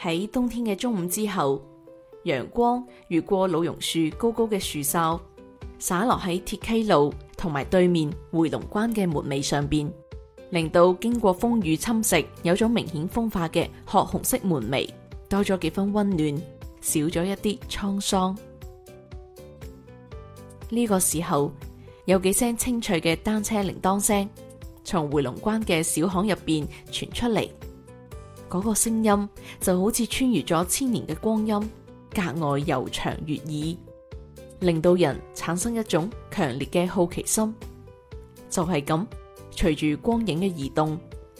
喺冬天嘅中午之後，陽光越過老榕樹高高嘅樹梢，灑落喺鐵溪路同埋對面迴龍關嘅門楣上邊，令到經過風雨侵蝕、有種明顯風化嘅褐紅色門楣多咗幾分温暖，少咗一啲滄桑。呢個時候，有幾聲清脆嘅單車鈴鐺聲從迴龍關嘅小巷入邊傳出嚟。嗰個聲音就好似穿越咗千年嘅光陰，格外悠長悅耳，令到人產生一種強烈嘅好奇心。就係、是、咁，隨住光影嘅移動，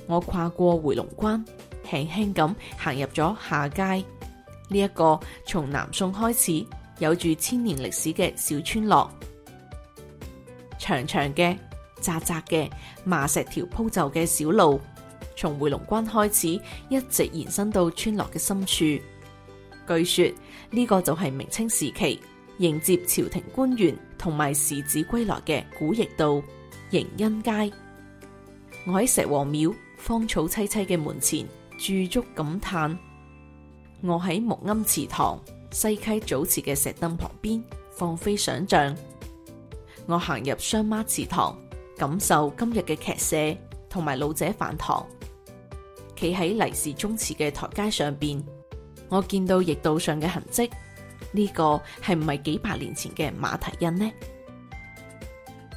我跨過廻龍關，輕輕咁行入咗夏街，呢、這、一個從南宋開始有住千年歷史嘅小村落，長長嘅窄窄嘅麻石條鋪就嘅小路。從回龍關開始，一直延伸到村落嘅深處。據說呢個就係明清時期迎接朝廷官員同埋士子歸來嘅古驛道迎恩街。我喺石王廟荒草萋萋嘅門前駐足感嘆；我喺穆庵祠堂西溪祖祠嘅石凳旁邊放飛想象；我行入雙孖祠堂，感受今日嘅劇社同埋老者飯堂。企喺黎氏宗祠嘅台階上邊，我見到驛道上嘅痕跡，呢、這個係唔係幾百年前嘅馬蹄印呢？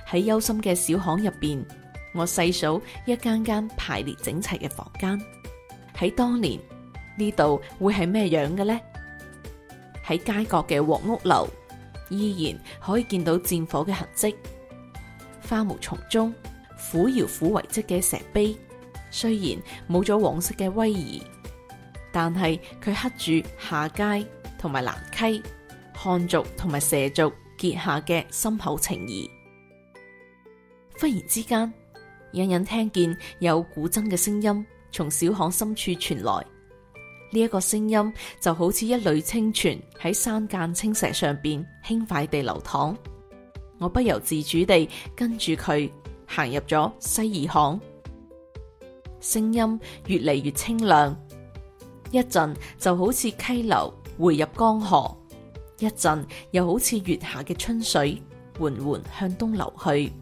喺幽深嘅小巷入邊，我細數一間間排列整齊嘅房間，喺當年呢度會係咩樣嘅呢？喺街角嘅王屋樓，依然可以見到戰火嘅痕跡，花木叢中撫瑤府遺址嘅石碑。雖然冇咗往昔嘅威儀，但係佢刻住夏街同埋蘭溪、漢族同埋畲族結下嘅深厚情誼。忽然之間，隱隱聽見有古箏嘅聲音從小巷深處傳來，呢、這、一個聲音就好似一縷清泉喺山澗青石上邊輕快地流淌。我不由自主地跟住佢行入咗西二巷。聲音越嚟越清亮，一陣就好似溪流匯入江河，一陣又好似月下嘅春水緩緩向東流去，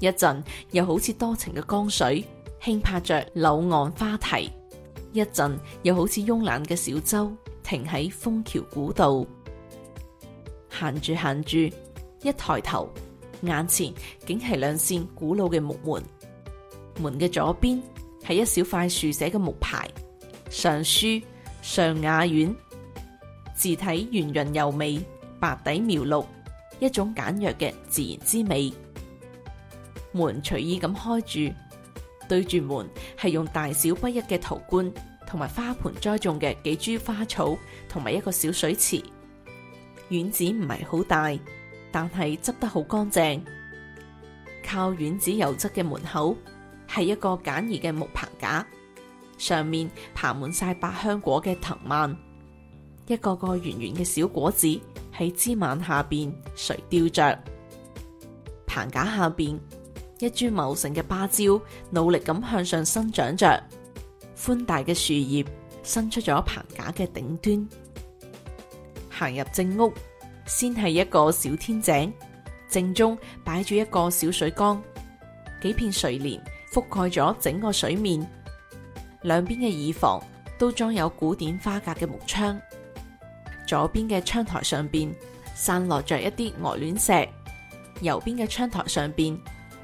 一陣又好似多情嘅江水輕拍着柳岸花堤，一陣又好似慵懶嘅小舟停喺楓橋古道。行住行住，一抬頭，眼前竟係兩扇古老嘅木門，門嘅左邊，係一小塊豎寫嘅木牌，上書尚雅院，字體圓潤柔美，白底描綠，一種簡約嘅自然之美。門隨意咁開住，對住門係用大小不一嘅陶罐同埋花盆栽種嘅幾株花草，同埋一個小水池。院子唔係好大，但係執得好乾淨。靠院子右側嘅門口。係一個簡易嘅木棚架，上面爬滿晒百香果嘅藤蔓，一個個圓圓嘅小果子喺枝蔓下邊垂吊着。棚架下邊一株茂盛嘅芭蕉，努力咁向上生長着，寬大嘅樹葉伸出咗棚架嘅頂端。行入正屋，先係一個小天井，正中擺住一個小水缸，幾片睡蓮。覆蓋咗整個水面，兩邊嘅耳房都裝有古典花格嘅木窗。左邊嘅窗台上邊散落着一啲鵝卵石，右邊嘅窗台上邊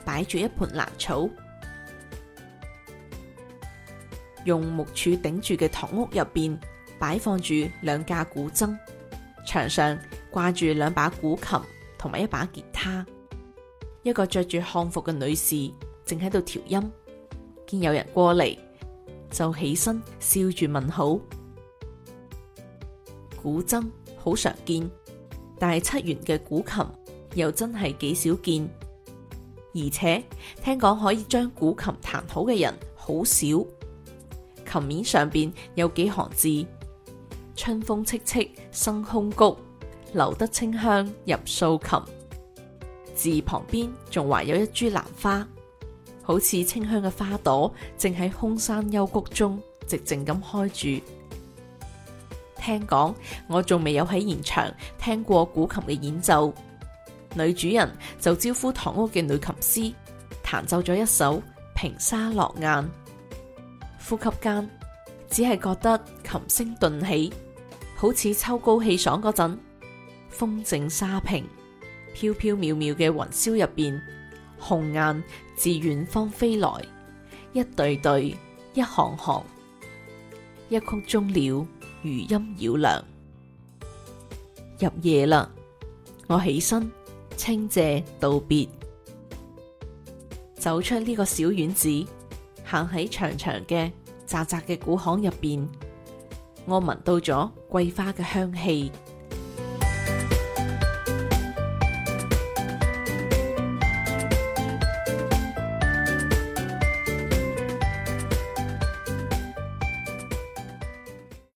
擺住一盆蘭草。用木柱頂住嘅堂屋入邊擺放住兩架古箏，牆上掛住兩把古琴同埋一把吉他。一個着住漢服嘅女士。正喺度調音，見有人過嚟就起身笑住問好。古箏好常見，但係七弦嘅古琴又真係幾少見。而且聽講可以將古琴彈好嘅人好少。琴面上邊有幾行字：春風戚戚，生空谷，留得清香入素琴。字旁邊仲畫有一株蘭花。好似清香嘅花朵，正喺空山幽谷中寂靜咁開住。聽講我仲未有喺現場聽過古琴嘅演奏，女主人就招呼堂屋嘅女琴師彈奏咗一首《平沙落雁》。呼吸間，只係覺得琴聲頓起，好似秋高氣爽嗰陣，風靜沙平，飄飄渺渺嘅雲霄入邊。紅雁自遠方飛來，一對對，一行行，一曲終了，餘音繞梁。入夜啦，我起身稱謝道別，走出呢個小院子，行喺長長嘅窄窄嘅古巷入邊，我聞到咗桂花嘅香氣。